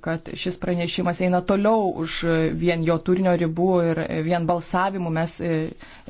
kad šis pranešimas eina toliau už vien jo turinio ribų ir vien balsavimu mes e, e,